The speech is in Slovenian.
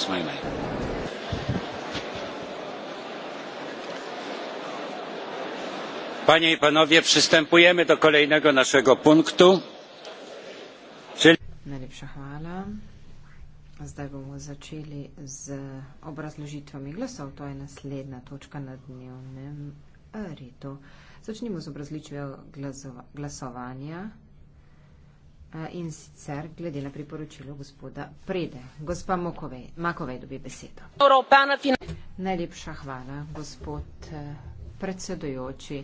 Mrs. Maynay. Panie i panowie, przystępujemy do kolejnego naszego punktu. Czyli... Najlepsza chwała. Zdaj bomo začeli z obrazložitvami glasov. To je naslednja točka na dnevnem redu. Začnimo z obrazložitvijo glasova glasovanja. Eh, in sicer glede na priporočilo gospoda Prede. Gospa Mokovej, Makovej dobi besedo. Najlepša hvala, gospod eh, predsedujoči.